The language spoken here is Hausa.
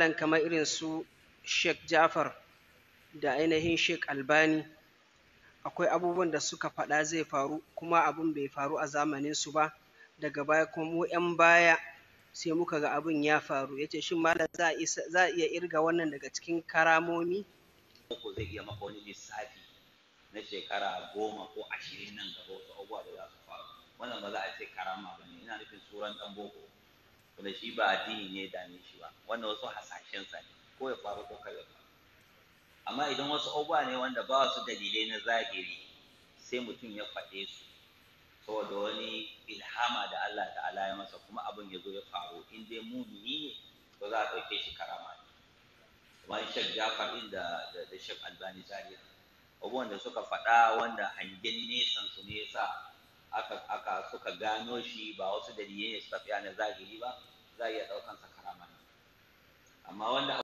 malan kamar irin su Sheikh Jafar da ainihin Sheikh Albani akwai abubuwan da suka faɗa zai faru kuma abin bai faru a zamanin su ba daga baya kuma mu 'yan baya sai muka ga abin ya faru yace shin malam za a iya irga wannan daga cikin karamomi ko zai iya maka wani lissafi na shekara goma ko ashirin nan gaba wasu abubuwa da za su faru wannan ba za a ce karama ba ne ina nufin tsoron dan boko wanda shi ba addini ne da ne shi ba wanda wasu sa ne ko ya faru ko kai amma idan wasu abubuwa ne wanda ba su dalilai na zahiri sai mutum ya faɗe su saboda wani ilhama da Allah ta'ala ya masa kuma abin ya zo ya faru in dai mu ne ba za a ɗauke shi karama ne kamar shek jafar ɗin da da shek albani abubuwan da suka faɗa wanda hangen nesan su ne sa aka suka suka gano shi ba wasu dalilai ne suka tsaya na zahiri ba za a iya ɗaukansa karama amma wanda